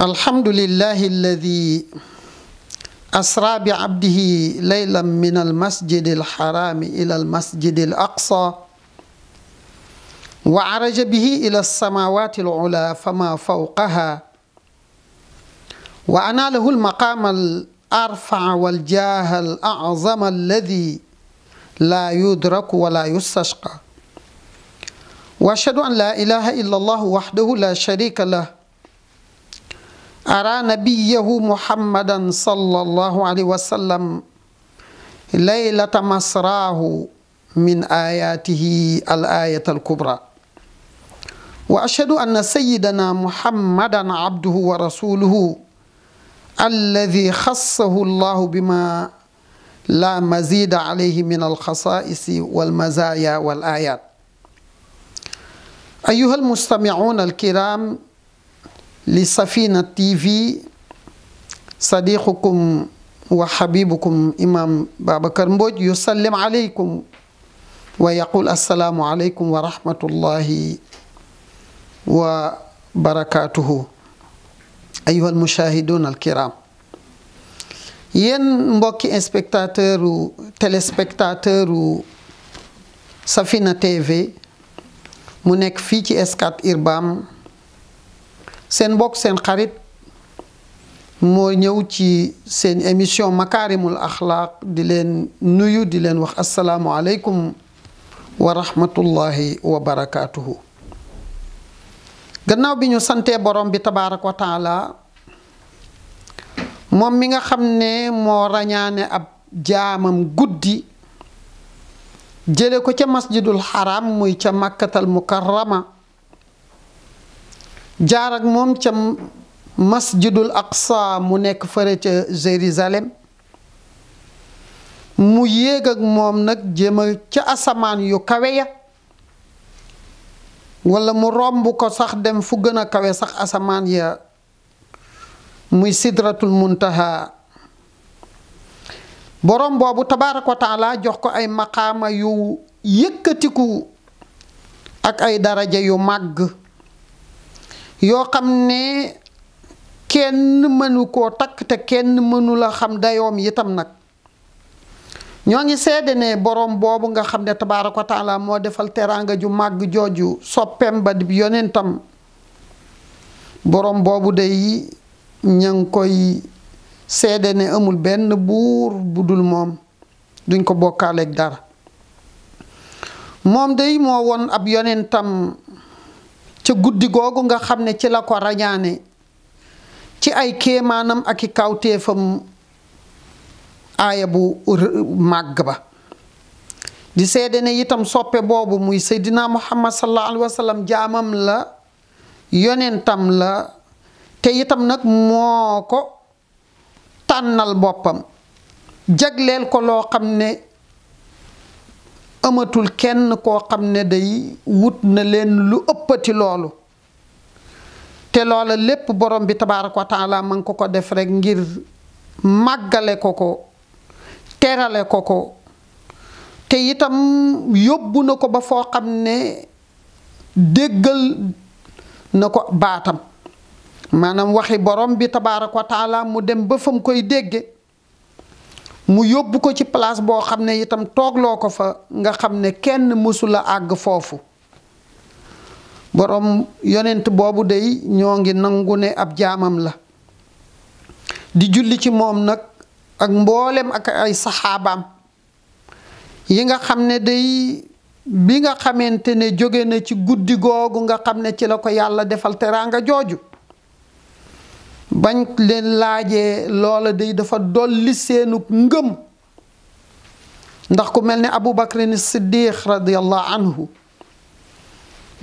الحمد لله الذي أسرى بعبده ليلا من المسجد الحرام إلى المسجد الأقصى وعرج به إلى السماوات العلى فما فوقها وأناله المقام الأرفع والجاه الأعظم الذي لا يدرك ولا يستشقى وأشهد أن لا إله إلا الله وحده لا شريك له أرى نبيه محمدا صلى الله عليه وسلم ليلة مسراه من آياته الآية الكبرى وأشهد أن سيدنا محمدا عبده ورسوله الذي خصه الله بما لا مزيد عليه من الخصائص والمزايا والآيات أيها المستمعون الكرام لسفينة تي في صديقكم وحبيبكم إمام بابكر مبوج يسلم عليكم ويقول السلام عليكم ورحمة الله وبركاته أيها المشاهدون الكرام ين مبوكي إنسبكتاتر u téléspectateur u Safina TV mu nekk fii ci sen bok sen xarit mo ñew ci sen émission makarimul dilen di len nuyu di len wax assalamu alaykum wa rahmatullahi wa barakatuh gannaaw bi ñu borom bi wa taala mom mi nga ne rañane ab jaamam guddii jele ko ci masjidul haram muy ci màkkatal mukarrama jaar ak moom ca masjidul aqsa mu nekk fëre ca Jérusalem mu yéeg ak moom nag jéem a ca asamaan yu kawe ya wala mu romb ko sax dem fu gën a kawe sax asamaan ya muy sidratul muntaha borom boobu tabaaraka wa jox ko ay maqaama yu yëkkatiku ak ay daraja yu màgg yoo xam ne kenn mënu koo takk te kenn mënula xam dayoom yitam nag ñoo ngi seede ne boroom boobu nga xam ne tabaaraka wa taala moo defal teraanga ju màgg jooju soppeem ba di yonentam boroom boobu day ña ngi koy seede amul benn buur bu dul moom duñ ko bokkaaleeg dara moom day moo woon ab yonentam ca guddi googu nga xam ne ci la ko rañaane ci ay kéemaanam ak i kawtéefam aaya bu màgg ba di seede ne itam soppe boobu muy seydina muhammad sallallahu alayhi wa jaamam la yonentam la te itam nag moo ko tànnal boppam jagleel ko loo xam ne amatul kenn koo xam ne day wut na leen lu ëppati loolu te loola lépp borom bi tabaaraka wa taala man ko ko def rekk ngir màggale ko ko terale ko ko te itam yóbbu na ko ba foo xam ne déggal na ko baatam maanaam waxi borom bi tabaaraka wa mu dem ba fa mu koy dégge mu yóbbu ko ci place boo xam ne itam toog loo ko fa nga xam ne kenn mësula àgg foofu boroom yonent boobu day ñoo ngi nangu ne ab jaamam la di julli ci moom nag ak mboolem ak ay saxaabaam yi nga xam ne day bi nga xamante ne jóge na ci guddi googu nga xam ne ci la ko yàlla defal teraanga jooju bañ leen laajee loola day dafa dolli seenu ngëm ndax ku mel ni abu bakrin siddiq radiallahu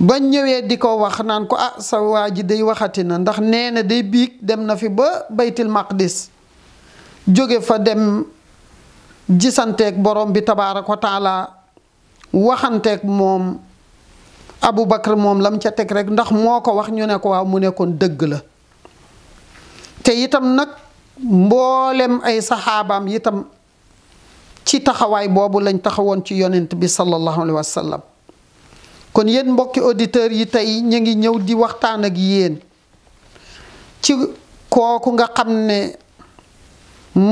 ba ñëwee di ko wax naan ko a ah, sa waa ji day waxati na ndax nee na day biig dem na fi ba baytil maqdis jóge fa dem gisanteeg borom bi tabaaraka wa taala waxanteeg moom abu bakar moom lam ca teg rek ndax moo ko wax ñu ne ko waaw mu nekkoon dëgg la te itam nag mboolem ay saxaabaam itam ci taxawaay boobu lañ taxawoon ci yonent bi sallallahu alayhi wa sallam kon yéen mbokki auditeurs yi tey ñu ngi ñëw di waxtaan ak yéen ci kooku nga xam ne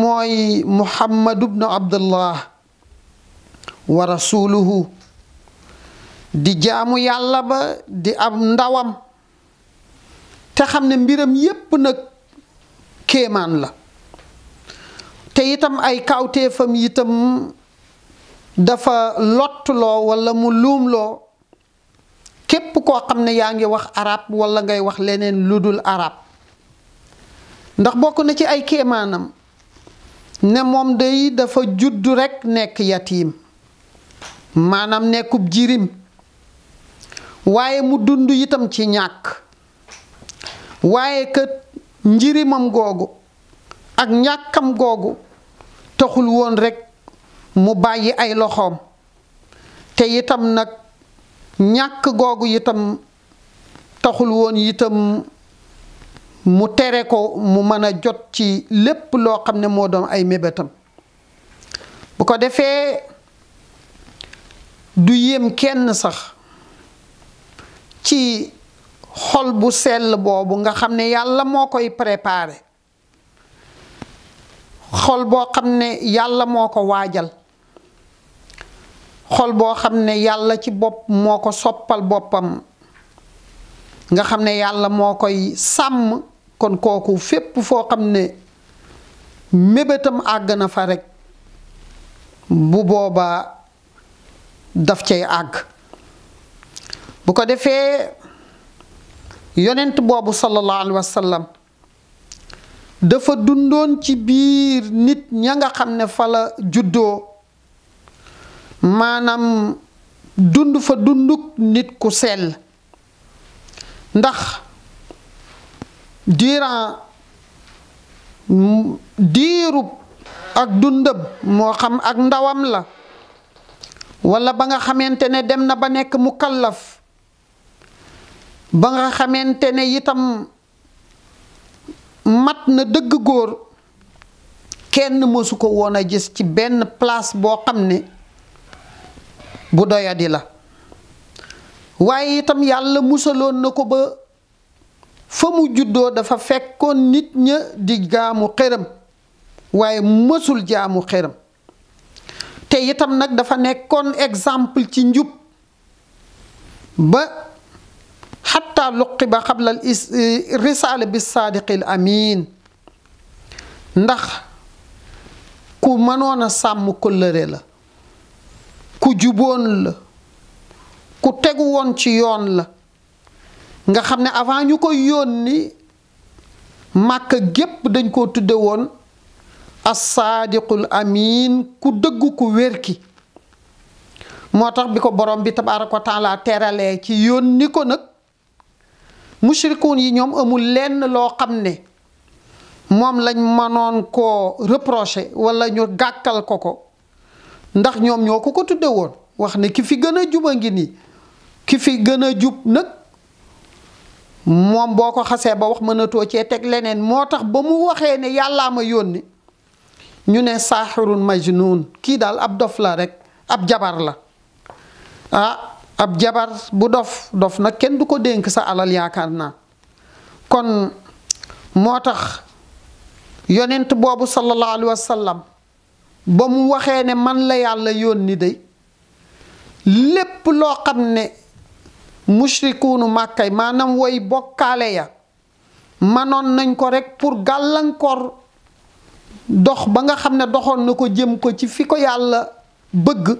mooy muhammadu bnu abdullah wa rasuluhu di jaamu yàlla ba di am ndawam te xam ne mbiram yépp nag keman la te itam ay fam itam dafa lo wala mu lum lo kep ko xamne yaangi wax arab wala ngay wax lenen ludul arab ndax bokku na ci ay kemanam ne mom day dafa juddu rek nek yatim manam nekub jirim waye mu dundu itam ci ñak waye ke njirimam googu ak ñàkkam googu taxul woon rekk mu bàyyi ay loxoom te itam nag ñàkk googu itam taxul woon itam mu tere ko mu mën a jot ci lépp loo xam ne moo doon ay mébétam bu ko defee du yéem kenn sax ci xol bu sell boobu nga xam ne yàlla moo koy préparé xol boo xam ne yàlla moo ko waajal xol boo xam ne yàlla ci bopp moo ko soppal boppam nga xam ne yàlla moo koy sàmm kon kooku fépp foo xam ne mébétam àgg na fa rekk bu boobaa daf cay àgg bu ko defee yonent tu sallallahu alaihi wasallam dafa dundon ci bir nit ña nga xamne ne fa la juddo manam dundu fa dunduk nit ku sel ndax dira diru ak dundam mo xam ak ndawam la wala ba nga xamantene dem na ba nek mukallaf ba nga xamante ne itam mat na dëgg góor kenn mësu ko woon a gis ci benn place boo xam ne bu doyadi la waaye itam yàlla musaloon na ko ba fa mu juddoo dafa fekkoon nit ña di jaamu xërëm waaye mësul jaamu xërëm te itam nag dafa nekkoon exemple ci njub ba xatta luqiba xabla al eh, risaale bi saadiqil amiin ndax ku mënoon a sàmm kóllëre la ku juboon la ku tegu woon ci yoon la nga xam ne avant ñu ko yónni màkk gépp dañ koo tudde woon assaadiqul amiin ku dëggu ku wér ki moo tax bi ko borom bi tabaaraka wa taala teeralee ci yónni ko nag mushrikuun yi ñoom amul lenn loo xam ne moom lañ mënoon koo reproché walla ñu gàkkal ko ko ndax ñoom ñoo ko ko tuddee woon wax ne ki fi gën a jub a ngi nii ki fi gën a jub nag moom boo ko xasee ba wax mënatoo cee teg leneen moo tax ba mu waxee ne yàllaa ma yónni ñu ne saaxirun majnun kii daal ab dof la rek ab jabar la ah ab jabar bu dof dof nag kenn du ko dénk sa alal yaakaar naa kon moo tax yonent boobu sallallahu wa sallam ba mu waxee ne man la yàlla yónni day lépp loo xam ne mushrikuunu màkkay maanaam woy bokkaale ya manoon nañ ko rekk pour gàllankoor dox ba nga xam ne doxoon na ko jëm ko ci fi ko yàlla bëgg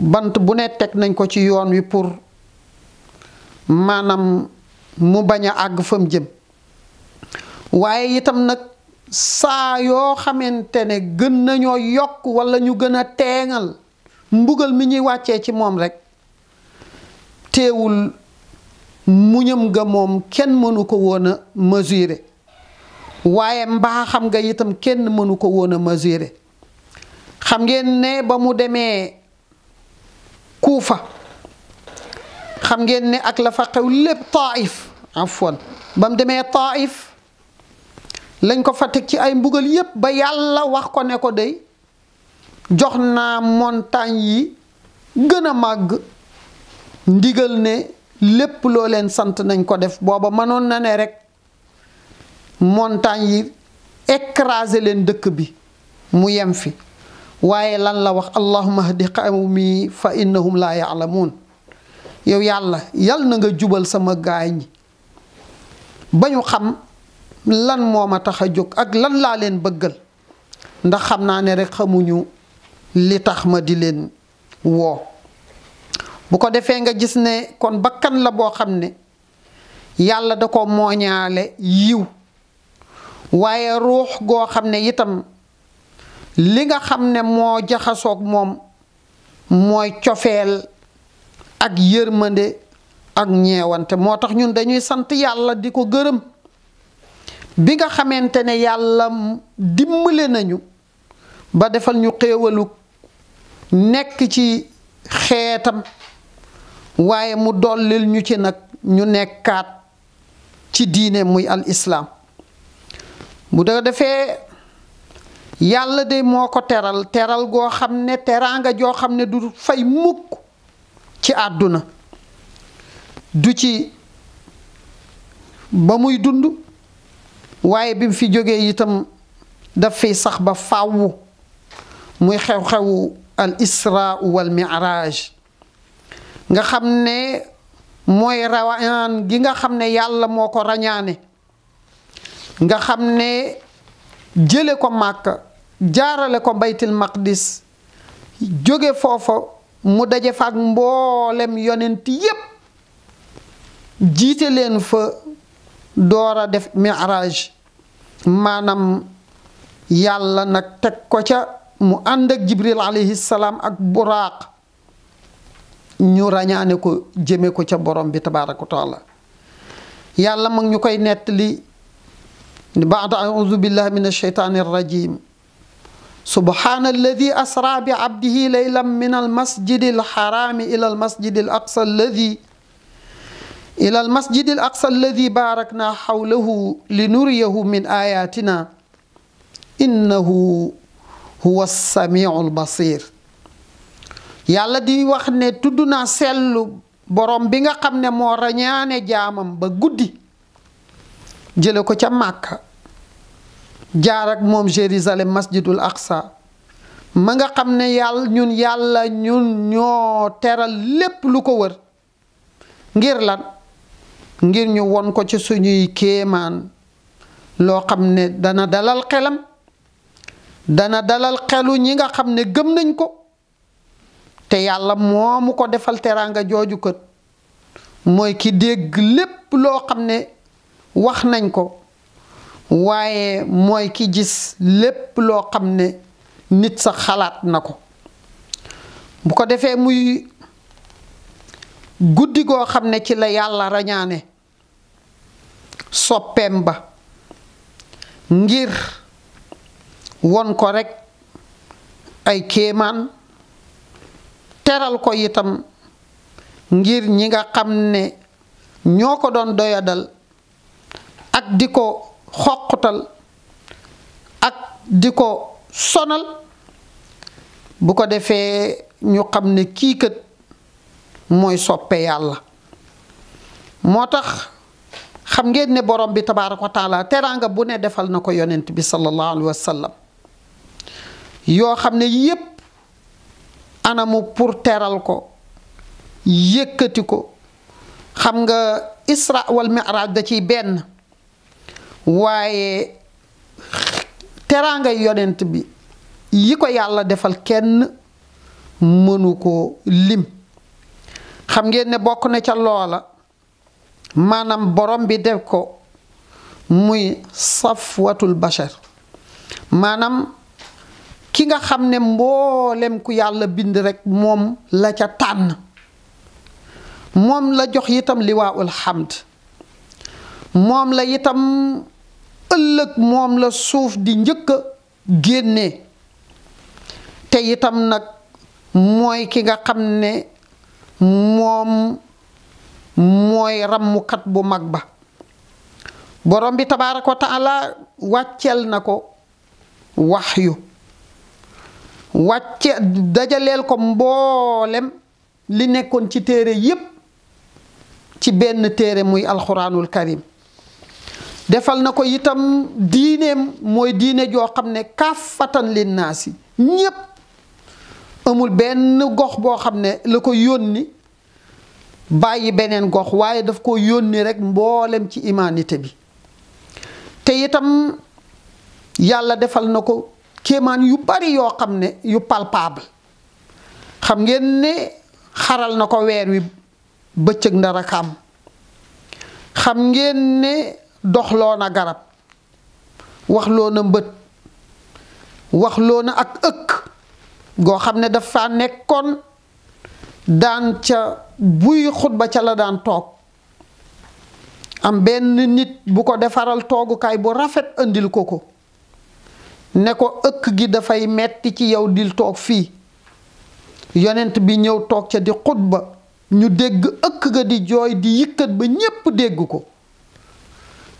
bant bu ne teg nañ ko ci yoon wi pour maanaam mu bañ a àgg fam jëm waaye itam nag saa yoo xamante ne gën nañoo yokk walla ñu gën a teengal mbugal mi ñuy wàccee ci moom rekk teewul muñam ga moom kenn mënu ko woona a waaye mbaaxam nga itam kenn mënu ko woon a mesurer xam ngeen ne ba mu demee kuufa xam ngeen ni ak la fa xew lépp taif afwan ba mu demee taif lañ ko fa teg ci ay mbugal yépp ba yàlla wax ko ne ko dey jox naa montagne yi gën a màgg ndigal ne lépp loo leen sant nañ ko def booba mënoon na ne rek montagne yi écraser leen dëkk bi mu yem fi waaye lan la wax allahuma hdi qawmi fa innahum laa yaalamuun yow yàlla yal na nga jubal sama gaañ ba ñu xam lan moom a tax a jóg ak lan laa leen bëggal ndax xam naa ne rek xamuñu li tax ma di leen woo bu ko defee nga gis ne kon bakkan la boo xam ne yàlla da ko mooñaale yiw waaye ruux goo xam ne itam li nga xam ne moo jaxasook moom mooy cofeel ak yërmande ak ñeewante moo tax ñun dañuy sant yàlla di ko gërëm bi nga xamante ne yàlla dimbale nañu ba defal ñu xéewalu nekk ci xeetam waaye mu dollil ñu ci nag ñu nekkaat ci diine muy al islaam bu defee yàlla de moo ko teral teral goo xam ne teraanga joo xam ne du fay mukk ci àdduna du ci ba muy dund waaye bi mu fi jógee itam daf fiy sax ba fàww muy xew-xewu al isra wal miraaj nga xam ne mooy rawaan gi nga xam ne yàlla moo ko rañaane nga xam ne jële ko màkk jaarale ko baytil maqdis jóge foofa mu daje fa ak mboolem yonent yépp jiite leen fa doora def miraaj maanaam yàlla nag teg ko ca mu ànd ak jibril alayhi salaam ak buraaq ñu rañaane ko jëme ko ca borom bi tabaaraka wa taala yàlla mag ñu koy nettali baada audu billahi min alsheytaani arrajim subhaana alladi asra bi abdihi laylan min almasjidi alxaraami ila almasjidi alaqsa alladi ila almasjidi alaqsa alladi baarakna xawlahu linuriyahu min ayatina innahu huwa samiu albasir yàlla di wax ne tudd naa sellu borom bi nga xam ne moo rañaane jaamam ba guddi jële ko ca màkka jaar ak moom Jérusalem masjidul Aqsa ma nga xam ne yàlla ñun yàlla ñun ñoo teral lépp lu ko wër ngir lan ngir ñu won ko ci suñuy kéemaan loo xam ne dana dalal xelam dana dalal xelu ñi nga xam ne gëm nañ ko te yàlla moomu ko defal teraanga jooju kët mooy ki dégg lépp loo xam ne wax nañ ko waaye mooy ki gis lépp loo xam ne nit sa xalaat na ko bu ko defee muy guddi goo xam ne ci la yàlla rañaane soppeem ba ngir won ko rekk ay kéemaan teral ko itam ngir ñi nga xam ne ñoo ko doon doyadal ak di ko xoqutal ak diko sonal bu ko defé ñu xamné ki kii moy soppe yàlla motax xam ngeen ne borom bi tabaaraku taala teranga bu ne defal nako yonent bi sallallahu alayhi wa sallam yoo xam yépp anamu pour teral ko yëkkati ko xam nga isra wal mi'raj da ci ben waaye teraanga yonent bi yi ko yàlla defal kenn mënu ko lim xam ngeen ne bokk na ca loola maanaam borom bi def ko muy safwatul bashar maanaam ki nga xam ne mboolem ku yàlla bind rekk moom la ca tànn moom la jox itam liwaawul xamd moom la itam ëllëg moom la suuf di njëkk génne te itam nag mooy ki nga xam ne moom mooy ràmmkat bu mag ba borom bi tabaaraka ko taala wàccel na ko waxyu wàcce dajaleel ko mboolem li nekkoon ci téere yépp ci benn téere muy alxuraanul karim defal na ko itam diineem mooy diine joo xam ne kaafatan lin naasi ñépp amul benn gox boo xam ne la ko yónni bàyyi beneen gox waaye daf ko yónni rek mboolem ci imanité bi te itam yàlla defal na ko kéemaan yu bari yoo xam ne yu palpable xam ngeen ne xaral na ko weer wi bëccëg ndara kaam xam ngeen ne doxloo a garab waxloo na mbët waxloo na ak ëkk goo xam ne dafa nekkoon daan ca buy xutba ca la daan toog am benn nit bu ko defaral toogukaay bu rafet andil ko ko ne ko ëkk gi dafay metti ci yow dil toog fii yonent bi ñëw toog ca di xutba ñu dégg ëkk ga di jooy di yëkkat ba ñépp dégg ko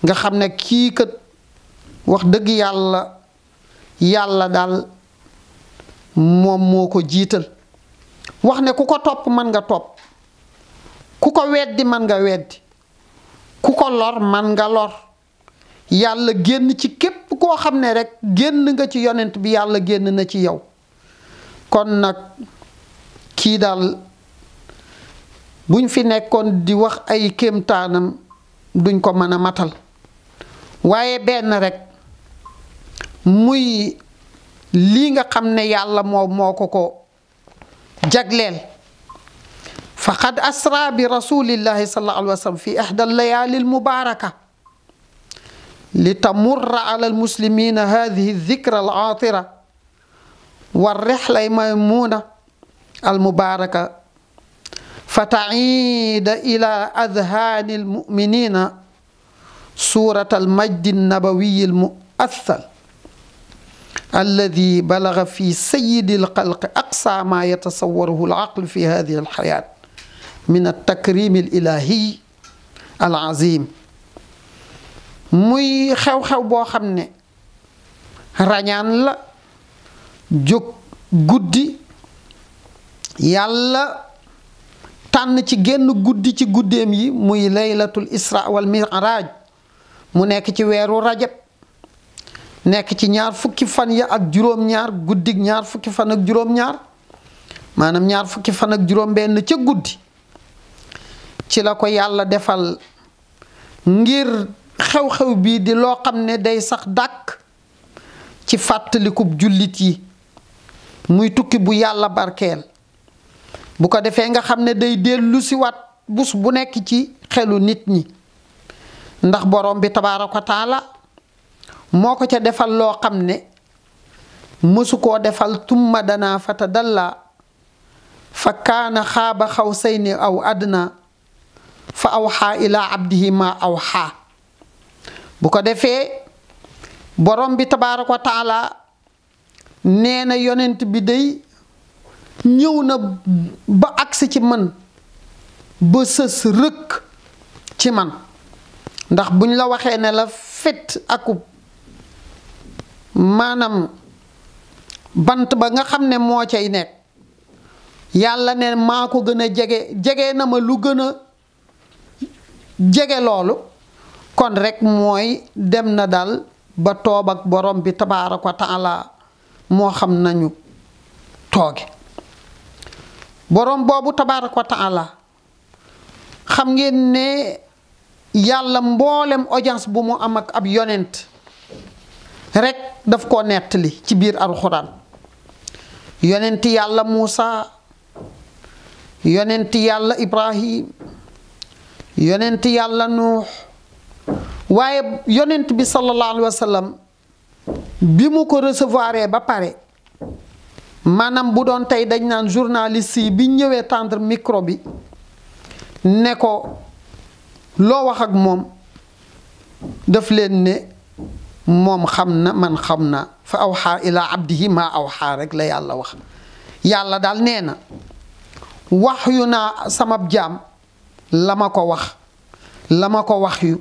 nga xam ne kii kat wax dëgg yàlla yàlla daal moom moo ko jiital wax ne ku ko topp mën nga topp ku ko weddi mën nga weddi ku ko lor mën nga lor yàlla génn ci képp koo xam ne rekk génn nga ci yonent bi yàlla génn na ci yow kon nag kii daal buñ fi nekkoon di wax ay kéemtaanam duñ ko mën a matal waaye benn rek muy lii nga xam ne yàlla moo moo ko ko jagleel faqad asra bi rasulillahi sallallahu alayhi wa sallam fi ihda al-layali al-mubaraka لتمر على المسلمين هذه الذكرى العاطرة والرحلة الميمونة المباركة فتعيد إلى أذهان المؤمنين suuratal majdi nabawiyil mu assal alladi balaga fi sayidi alxalqi aqsa ma yatasawwaruhu alaqlu fi hadihi min altakrimi alilahiy alazim muy xew-xew boo xam ne rañaan la jóg guddi yàlla tànn ci génn guddi ci guddeem yi muy laylatul isra wal mu nekk ci weeru rajab nekk ci ñaar fukki fan ya ak juróom-ñaar guddig ñaar fukki fan ak juróom-ñaar maanaam ñaar fukki fan ak juróom-benn ca guddi ci la ko yàlla defal ngir xew-xew bii di loo xam ne day sax dàkk ci fàttaliku jullit yi muy tukki bu yàlla barkeel bu ko defee nga xam ne day dellu siwaat bus bu nekk ci xelu nit ñi ndax borom bi tabaaraka taala moo ko ca defal loo xam ne mësu koo defal tumma danaa fata dalla fa kaana xaaba xaw ni aw adna fa awxaa ilaa abdihi ma awxaa bu ko defee borom bi ko taala neena yonent bi dey ñëw na ba agsi ci man ba sës rëkk ci man ndax bu ñu la waxee ne la fit akub maanaam bant ba nga xam ne moo cay nekk yàlla ne maa ko gën a jege jege na ma lu gën a jege loolu kon rekk mooy dem na daal ba toob ak boroom bi tabaaraka wa taala moo xam nañu tooge borom boobu tabaaraka wa taala xam ngeen ne yàlla mboolem audience bu mu am ak ab yonent rekk daf koo nettali ci biir alxuraan yonent yàlla Muusa yonent yàlla Ibrahim yonent yàlla Nuux waaye yonent bi sallallahu alayhi bi mu ko recevoir ba pare maanaam bu doon tey dañ naan journaliste yi bi ñëwee tendre micro bi ne ko loo wax ak moom def leen ne moom xam na man xam na fa awxaa ilaa abdihi maa awxaa rek la yàlla wax yàlla daal nee na wax yu naa samab jaam la ma ko wax la ma ko wax yu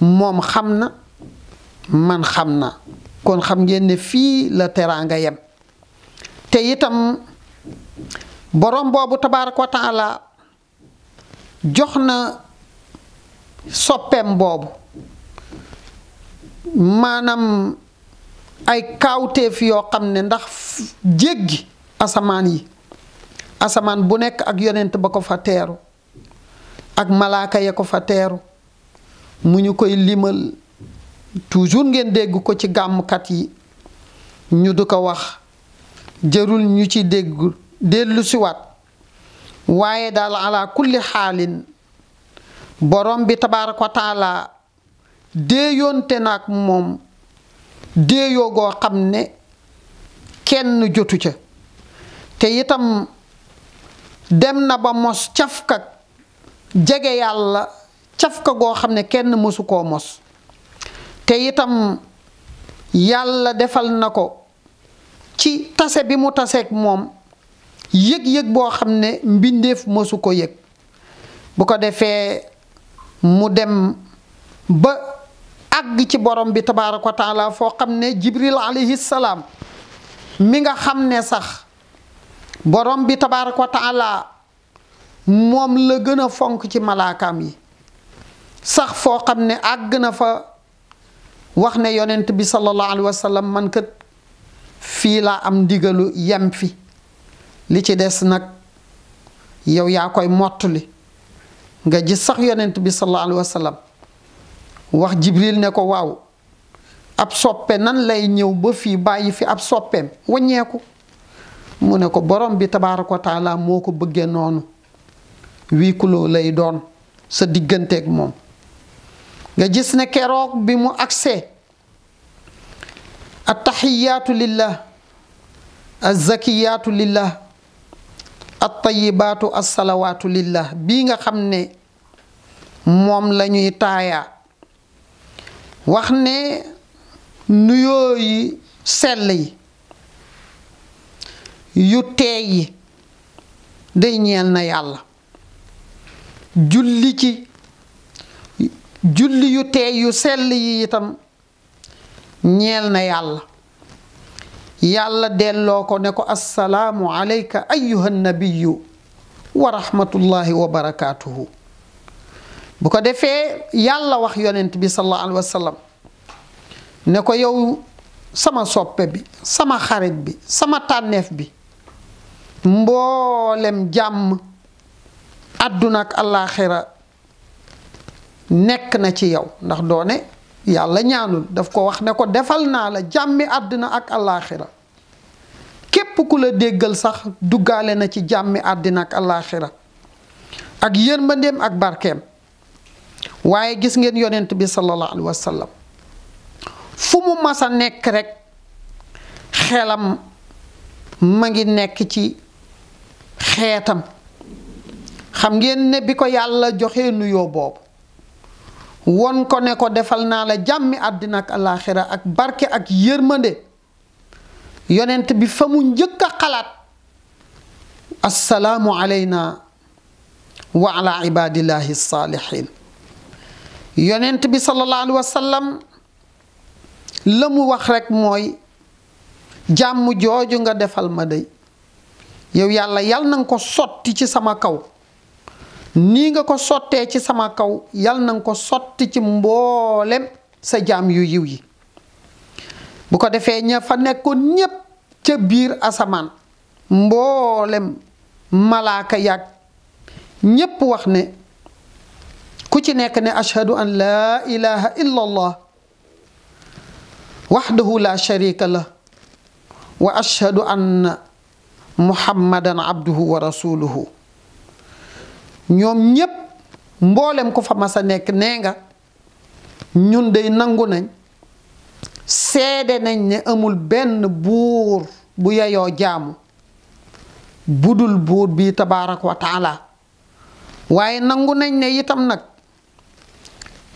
moom xam na man xam na kon xam ngeen ne fii la teraanga yem te itam borom boobu tabaaraka wa taala jox na soppeem boobu maanaam ay kawteef yoo xam ne ndax jéggi asamaan yi asamaan bu nekk ak yonent ba ko fa teeru ak malaaka ya ko fa teeru mu ñu koy limal toujours ngeen dégg ko ci gàmmkat yi ñu du ko wax jërul ñu ci dégg dellusiwaat waaye daal ala kulli xaalin borom bi tabaaraka wa taala déeyoonte naag moom déeyoo goo xam ne kenn jotu ca te itam dem na ba mos cafka jege yàlla cafka goo xam ne kenn mësu koo mos te itam yàlla defal na ko ci tase bi mu taseeg moom yëg-yëg boo xam ne mbindeef mësu ko yëg bu ko defee mu dem ba ag ci borom bi tabaaraku taala fo xamne jibril alayhi salam mi nga xamne sax borom bi tabaaraku taala mom la gëna fonk ci malaakam yi sax fo xamne ag na fa wax ne yonent bi sallallahu alayhi wasallam man kat fi la am digelu yam fi li ci dess nak yow ya koy motuli nga jis sax yonent bi sa alayhi wa sallam wax jibril ne ko waaw ab soppe nan lay ñëw ba fii bàyyi fi ab soppeem wàññeeku mu ne ko borom bi tabaaraka wa taala moo ko bëggee noonu wii kuloo lay doon sa digganteek moom nga jis ne keroog bi mu agsee attaxiyaatu lillah azzakiyaatu lillah attayibaatu assalawaatu lillah bii nga xam ne moom lañuy ñuy taayaa wax ne nuyoo yi sell yi yu teey yi day ñeel na yàlla julli ci julli yu teey yu sell yi itam ñeel na yàlla يالا ديلو كو نيكو السلام عليك ايها النبي ورحمه الله وبركاته بوكو ديفي يالا واخ يوننت بي صلى الله عليه وسلم نيكو يو سما سوبي بي سما خاريت بي سما تانيف بي مبولم جام ادوناك الاخره نيك ناتي ياو ناخ دوني yàlla ñaanul daf ko wax ne ko defal naa la jàmmi àddina ak alaaxira képp ku la déggal sax duggaale na ci jàmmi àddina ak alaaxira ak yërmandeem ak barkeem waaye gis ngeen yonent bi sallallahu alayhi wa sallam fu mu mas a nekk rekk xelam ma ngi nekk ci xeetam xam ngeen ne bi ko yàlla joxe nuyoo boobu won ko ne ko defal naa la jàmmi àddina ak alaaxira ak barke ak yërmande yonent bi fa mu njëkk a xalaat assalaamu alayna wa ala ibadillahi saalihin yonent bi sallallahu alayhi wa sallam la mu wax rekk mooy jàmm jooju nga defal ma day yow yàlla yal na nga ko sotti ci sama kaw nii nga ko sottee ci sama kaw yal na nga ko sotti ci mboolem sa jaam yu yiw yi bu ko defee ña fa nekkoon ñépp ca biir asamaan mboolem malaaka yàgg ñépp wax ne ku ci nekk ne ashhadu an laa ilaha illa allah waxdahu la sharika lah wa ashhadu anna muhammadan abduhu wa rasuluhu ñoom ñépp mboolem ku fa mas a nekk nee nga ñun day nangu nañ seede nañ ne amul benn buur bu yeyoo jaamu budul buur bi tabaaraka wa waaye nangu nañ ne itam nag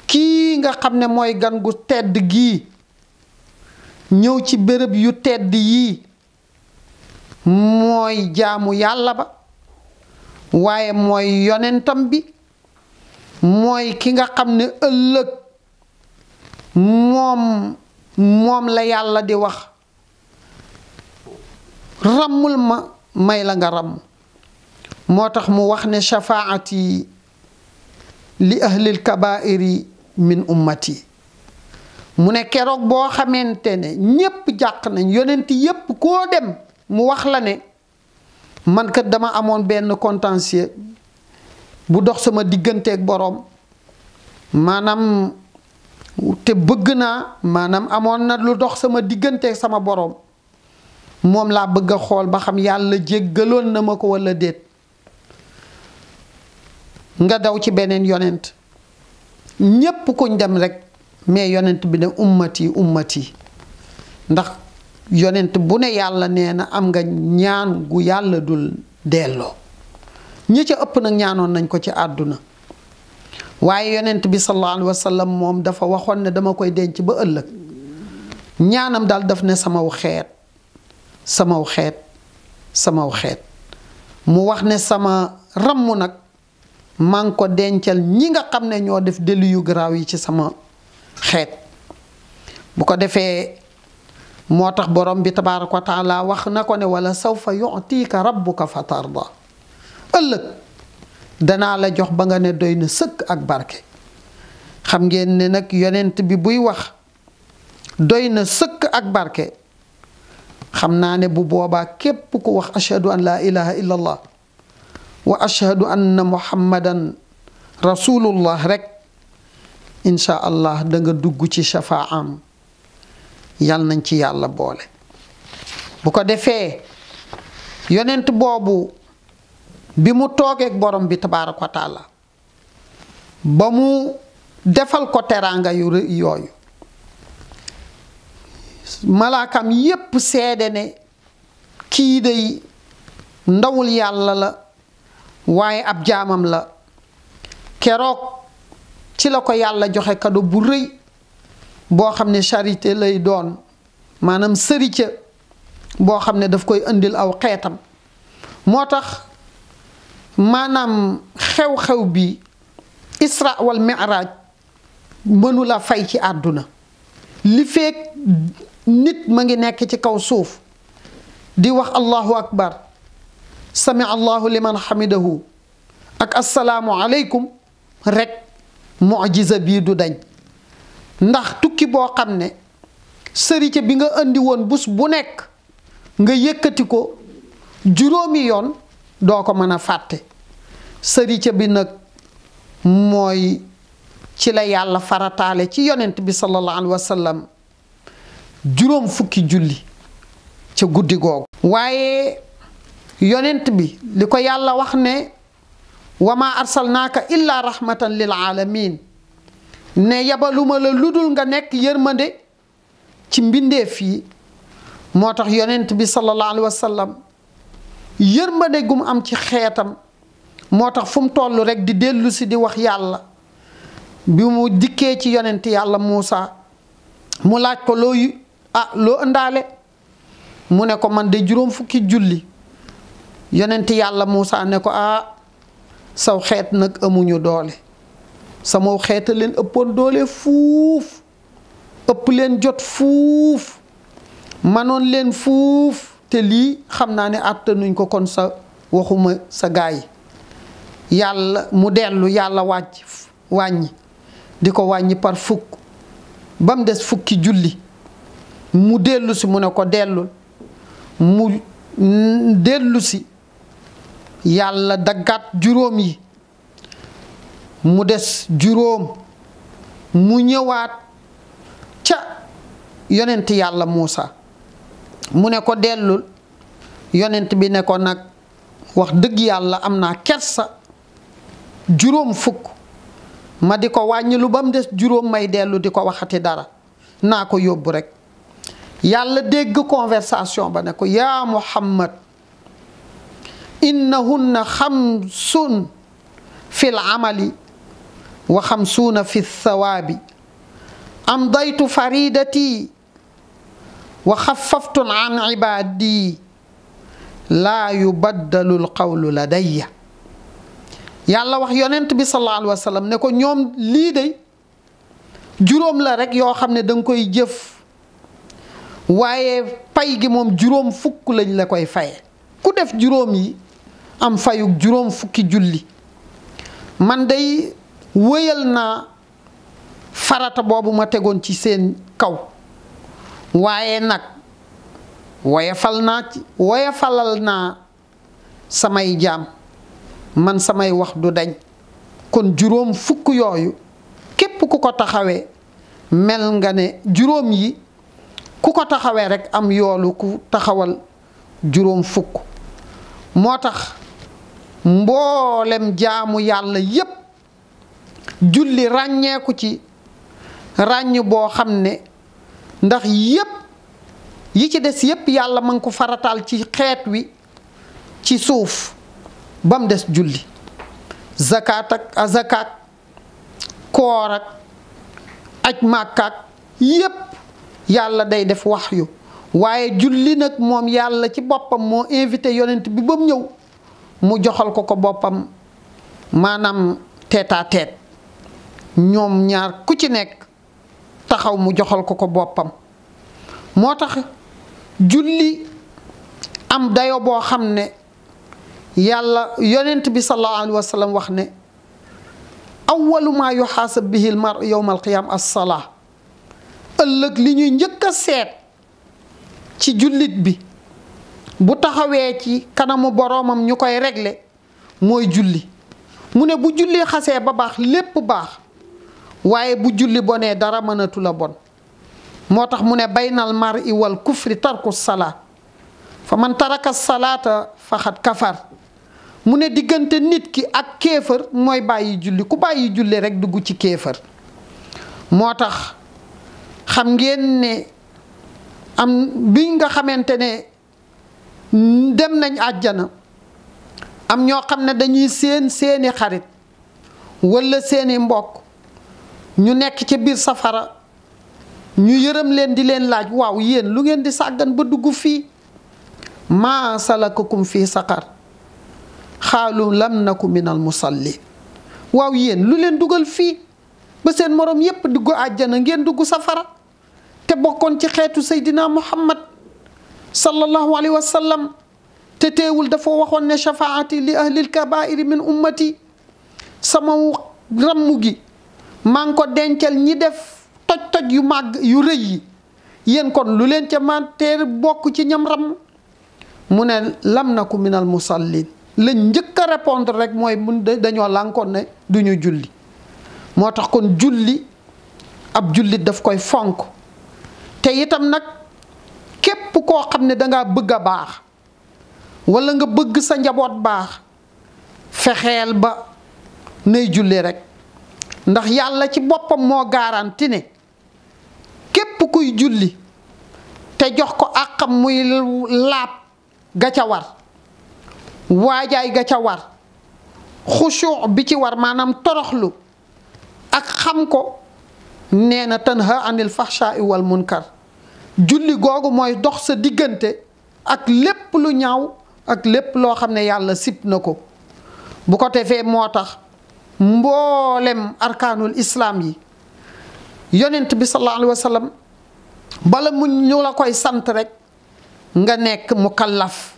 kii nga xam ne mooy gan gu tedd gii ñëw ci bërëb yu tedd yii mooy jaamu yàlla ba waaye mooy yonentam bi mooy ki nga xam ne ëllëg moom moom la yàlla di wax ràmmul ma may la nga ràmm moo tax mu wax ne shafaati li ahlil kabairi min ummati mu ne keroog boo xamante ne ñépp jàq nañ yonent yépp koo dem mu wax la ne man kat dama amoon benn contentieux bu dox sama digganteeg boroom maanaam te bëgg naa maanaam amoon na lu dox sama digganteeg sama boroom moom laa bëgg a xool ba xam yàlla jéggaloon na ma ko walla déet nga daw ci beneen yonent ñépp koñ dem rekk mais yonent bi ne ummati umati ndax yonent bu ne yàlla nee na am nga ñaan gu yàlla dul delloo ñi ca ëpp nag ñaanoon nañ ko ci àdduna waaye yonent bi sallallahu alayhi moom dafa waxoon ne dama koy denc ba ëllëg ñaanam daal daf ne samaw xeet samaw xeet samaw xeet mu wax ne sama ramm nag maa ngi ko dencal ñi nga xam ne ñoo def delu yu garaaw yi ci sama xeet bu ko defee موتاخ بروم بي تبارك وتعالى واخنا كون ولا سوف يعطيك ربك فترضى الله دنا لا جوخ باغا ني دوين سك اك باركي خام نين ني نك يوننت بي بوي واخ دوين سك اك باركي خام نا ني بو بوبا كيب كو واخ اشهد ان لا اله الا الله واشهد ان محمدا رسول الله رك ان شاء الله داغا دوجو سي شفاعه yal nañ ci yàlla boole bu ko defee yonent boobu bi mu toogeeg borom bi tabaaraka wa taala ba mu defal ko teraanga yu yooyu malaakam yépp seede ne kii day ndawul yàlla la waaye ab jaamam la keroog ci la ko yàlla joxe kado bu rëy boo xam ne charité lay doon maanaam sëricë boo xam ne daf koy indil aw xeetam moo tax maanaam xew-xew bi isra wal miraaj mënula fay ci àdduna li feek nit ma ngi nekk ci kaw suuf di wax allahu akbar sami allahu liman xamidahu ak asalaamu aleykum rek mujiza bii du dañ ndax tukki boo xam ne sërite bi nga indi woon bus bu nekk nga yëkkati ko juróomi yoon doo ko mën a fàtte sërite bi nag mooy ci la yàlla farataale ci yonent bi sallallahu alayhi wa sallam juróom fukki julli ca guddi googu waaye yonent bi li ko yàlla wax ne wa ma arsalnaaka illa rahmatan lil alamin ne yabaluma la lu dul nga nekk yërmande ci mbindeef fii moo tax yonent bi sallallahu alayhi wa sallam yërmande gum am ci xeetam moo tax fu mu toll rek di dellusi di wax yàlla bi mu dikkee ci yonent yàlla Muusa mu laaj ko loo ah loo ëndaale mu ne ko man de juróom fukki julli yonent yàlla Muusa ne ko ah saw xeet nag amuñu doole sama xeeta leen ëppoon doole fuuf ëpp leen jot fuuf manoon leen fuuf te lii xam naa ne àttanuñ ko kon sa waxuma sa gaay yàlla mu dellu yàlla wàcc wàññi di ko wàññi par fukk ba mu des fukki julli mu dellu si mu ne ko dellul mu dellusi yàlla daggaat juróom yi mu des juróom mu ñëwaat ca yonent yàlla Muusa mu ne ko dellul yonent bi ne ko nag wax dëgg yàlla am naa kersa juróom fukk ma di ko wàññilu ba mu des juróom may dellu di ko waxati dara naa ko yóbbu rekk yàlla dégg conversation ba ne ko yaa muhammad na xamsun fil amali wa xamsuuna fi thawaabi amdaytu faridati wa xaffaftu an ibaadi laa yubaddalu lqawlu yàlla wax yonent bi sallallahu alayhi wa ne ko ñoom lii de juróom la rekk yoo xam ne danga koy jëf waaye pay gi moom juróom fukk lañ la koy faye ku def juróom yi am fayug juróom fukki julli man day wëyal naa farata boobu ma tegoon ci seen kaw waaye nag woyafal naa ci woyafalal naa samay jaam man samay wax du dañ kon juróom fukk yooyu képp ku ko taxawee mel nga ne juróom yi ku ko taxawee rekk am yoolu ku taxawal juróom fukk moo tax mboolem jaamu yàlla yépp julli ràññeeku ci ràññ boo xam ne ndax yépp yi ci des yépp yàlla ma ngi ko farataal ci xeet wi ci suuf ba mu des julli zakaat ak azakaat koor ak aj màkkaak yépp yàlla day def wax yu waaye julli nag moom yàlla ci boppam moo invité yonent bi ba mu ñëw mu joxal ko ko boppam maanaam tête ñoom ñaar ku ci nekk taxaw mu joxal ko ko boppam moo tax julli am dayo boo xam ne yàlla yonent bi sallallahu wax ne awwalu maa yuxaasab bihi l mar yowma alqiyaama assalaa ëllëg li ñuy njëkk a seet ci jullit bi bu taxawee ci kanamu boroomam ñu koy regle mooy julli mu ne bu julli xasee ba baax lépp baax waaye bu julli bonee dara mënatula bon moo tax mu ne baynal mar i wal kufri tarku salaa fa man taraka salaata faxat kafar mu ne diggante nit ki ak kéefër mooy bàyyi julli ku bàyyi julli rekk dugg ci kéefër moo tax xam ngeen ne am bi nga xamante ne dem nañ àjjana am ñoo xam ne dañuy seen seeni xarit walla seeni mbokk ñu nekk ci biir safara ñu yërëm leen di leen laaj waaw yéen lu ngeen di sàggan ba dugg fii ma salakakum fi saqar xaalu lam naku al musalli waaw yéen lu leen dugal fii ba seen morom yépp dugg àjjana ngeen dugg safara te bokkoon ci xeetu sayidina muhammad sallallahu alayhi wa sallam te teewul dafa waxoon ne shafaati li ahli al kabair min ummati sama ramm gi man ko dencel ñi def toj toj yu mag yu rëy yeen kon lu leen ci man ter bok ci ñam ram lam ku minal musallin le ñeuk répondre rek moy mun dañu lankon ne duñu julli motax kon julli ab julli daf koy fonk te itam nak kep ko xamne da nga bëgg baax wala nga bëgg sa njabot baax fexel ba ne julli rek ndax yàlla ci boppam moo garanti ne képp kuy julli te jox ko àqam muy laab ga ca war waajaay ga ca war xushuux bi ci war maanaam toroxlu ak xam ko nee na tanha anil fahshaai wal munkar julli googu mooy dox sa diggante ak lépp lu ñaaw ak lépp loo xam ne yàlla sib na ko bu ko defee moo tax mbollem arkanul islam yi yonent bi sallallahu alayhi wasallam bala mu ñu la koy sante rek nga nek mukallaf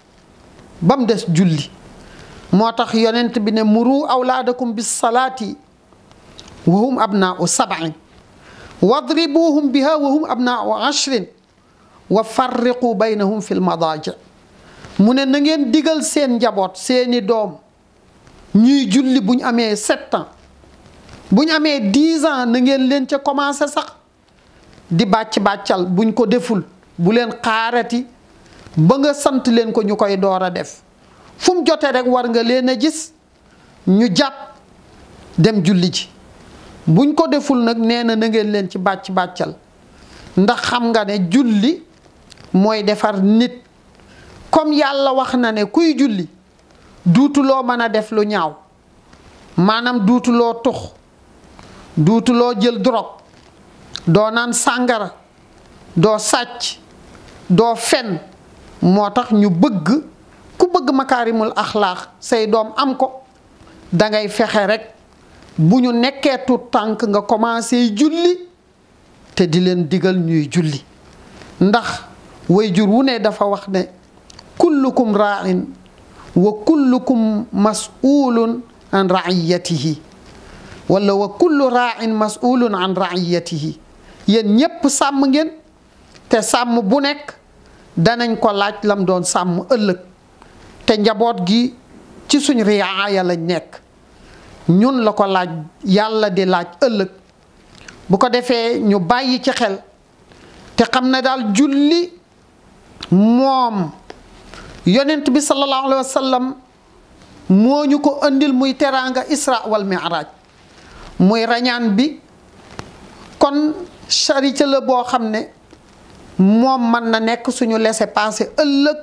bam dess julli motax yonent bi ne muru awladakum bis salati wa hum abna'u sab'in wadribuhum biha wa hum abna'u ashrin wa farriqu baynahum fil madaj mu na ngeen digal seen njabot seeni dom ñuy julli bu ñu amee sept ans bu ñu amee dix ans na ngeen leen ca commencé sax di bàcc bàccal buñ ko deful bu leen xaarati ba nga sant leen ko ñu koy door a def fu jote rekk war nga leen a gis ñu jàpp dem julli ji buñ ko deful nag nee na na ngeen leen ci bàcc bàccal ndax xam nga ne julli mooy defar nit comme yàlla wax na ne kuy julli duutuloo mën a def lu ñaaw maanaam duutuloo tux duutuloo jël drogue doo naan sàngara doo sàcc doo fen moo tax ñu bëgg ku bëgg makaarimul axlaax say doom am ko dangay fexe rekk bu ñu nekkee tuut tànk nga commencé julli te di leen digal ñuy julli ndax way jur wu ne dafa wax ne kullukum raain wa kullukum mas'ulun an ra'iyatihi wala wa kullu ra'in mas'ulun an ra'iyatihi yéen ñépp sàmm ngeen te sàmm bu nekk danañ ko laaj lam doon sàmm ëllëg te njaboot gi ci suñ riyaaya lañ nekk ñun la ko laaj yàlla di laaj ëllëg bu ko defee ñu bàyyi ci xel te xam ne daal julli moom yonent bi sallallahu Alaihi wasallam moñu ko andil muy teranga isra wal mi'raj muy rañan bi kon shari la boo xam ne moom mën na nek suñu laissez-passer euleuk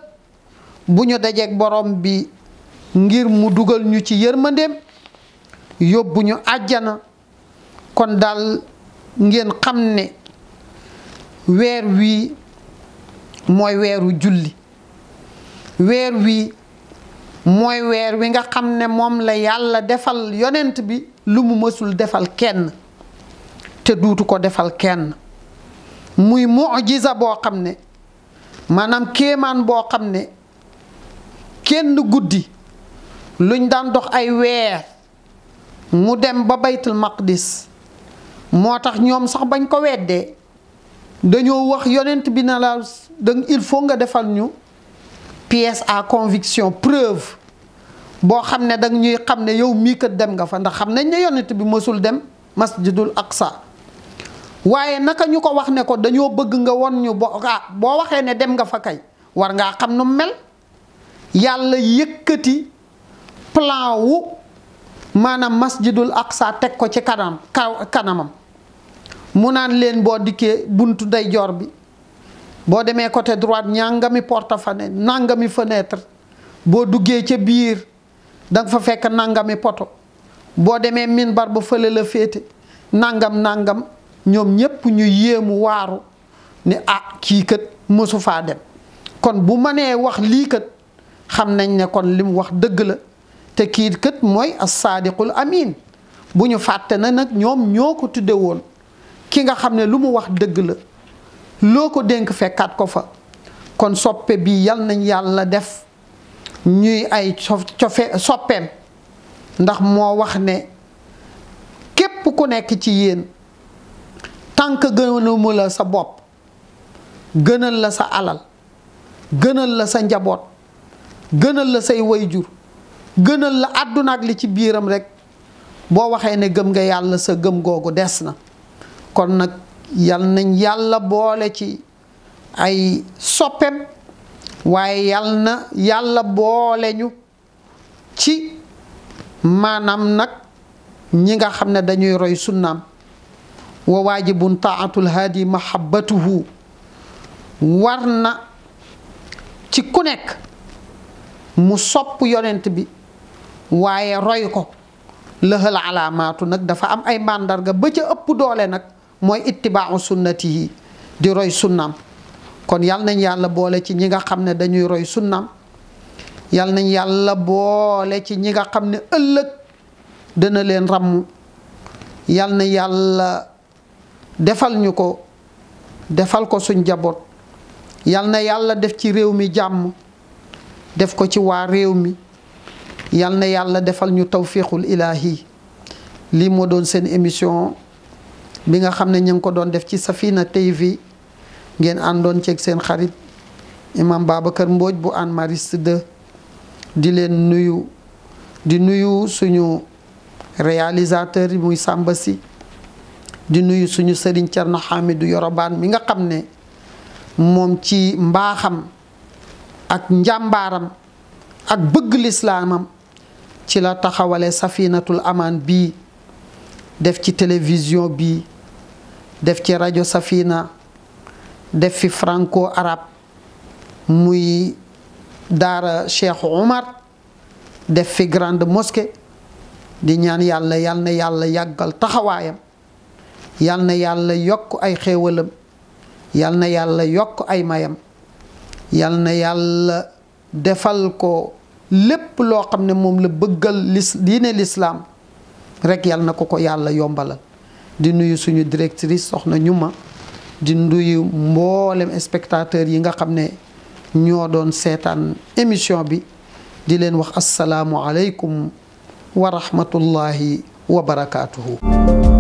buñu ak borom bi ngir mu dugal ñu ci yermandem yobbuñu aljana kon dal ngeen xamne werwi wi moy mooy julli weer wi mooy weer wi nga xam ne moom la yàlla defal yonent bi lu mu mësul defal kenn te duutu ko defal kenn muy mujiza boo xam ne maanaam kéemaan boo xam ne kenn guddi luñ daan dox ay weer mu dem ba baytul maqdis moo tax ñoom sax bañ ko weddee dañoo wax yonent bi na la il faut nga defal ñu pièce à conviction preuve bo xam ne ñuy xam yow mi ke dem nga fa ndax xam nañ ne yonent bi mosul dem masjidul aqsa waye naka ñuko wax ne ko dañoo bëgg nga won ñu bo bo ah, boo waxee ne dem nga fa kay war nga xam nu mel yalla yëkëti plan wu manam masjidul aqsa tek ko ci kanam kanamam mu naan leen bo diké buntu day jor bi boo demee côté droit ñàngami porte fane nàngami fenêtre boo duggee ca biir danga fa fekk nàngami poto boo demee minbar ba fële la féete nàngam nàngam ñoom ñépp ñu yéemu waaru ni ah kii kët mësu faa dem kon bu mënee wax lii kat xam nañ ne kon li mu wax dëgg la te kii kat mooy as-saadiqul amin bu ñu fàtte na nag ñoom ñoo ko tudde woon ki nga xam ne lu mu wax dëgg la loo ko dénk fekkaat ko fa kon soppe bi yal nañ yàlla def ñuy ay cofe soppeem ndax moo wax ne képp ku nekk ci yéen tànk gënamu la sa bopp gënal la sa alal gënal la sa njaboot gënal la say wayjur gënal la àdduna li ci biiram rekk boo waxee ne gëm nga yàlla sa gëm googu des na kon nag yal nañ yàlla boole ci ay soppeem waaye yal na yàlla boole ñu ci maanaam nag ñi nga xam ne dañuy roy sunnaam wa waajibun taatul haadi mahabbatuhu war na ci ku nekk mu sopp yonent bi waaye roy ko lëxal alaamaatu nag dafa am ay màndarga ba ca ëpp doole nag mooy ittibaau sunnatihi di roy sunnaam kon yal nañ yàlla boole ci ñi nga xam ne dañuy roy sunnaam yal nañ yàlla boole ci ñi nga xam ne ëllëg dana leen ràmm yal na yàlla defal ñu ko defal ko suñ jaboot yal na yàlla def ci réew mi jàmm def ko ci waa réew mi yal na yàlla defal ñu tawfiqul ilaahi lii moo doon seen émission bi nga xam ne ñu ngi ko doon def ci Safina TV ngeen àndoon ceeg seen xarit imam Babacar Mbodj bu Hann Mariste 2 di leen nuyu di nuyu suñu réalisateur yi muy sàmba si di nuyu suñu Serigne Thierno Hamidou Yorobaan mi nga xam ne moom ci mbaaxam ak njàmbaaram ak bëgg lislaamam ci la taxawale safinatul amaan bii def ci télévision bii def ci rajo Safina def fi franco arabe muy daara Cheikh Omar def fi grande mosquée di ñaan yàlla yal na yàlla yàggal taxawaayam yal na yàlla yokk ay xéewalam yal na yàlla yokk ay mayam yal na yàlla defal ko lépp loo xam ne moom la bëggal lislaam rekk yal na ko ko yàlla yombalal di nuyu suñu directrice soxna ñuma di nuyu mboolem spectateur yi nga xam ne ñoo doon seetaan émission bi di leen wax asalaamu aleykum wa rahmatullahi wa barakaatuhu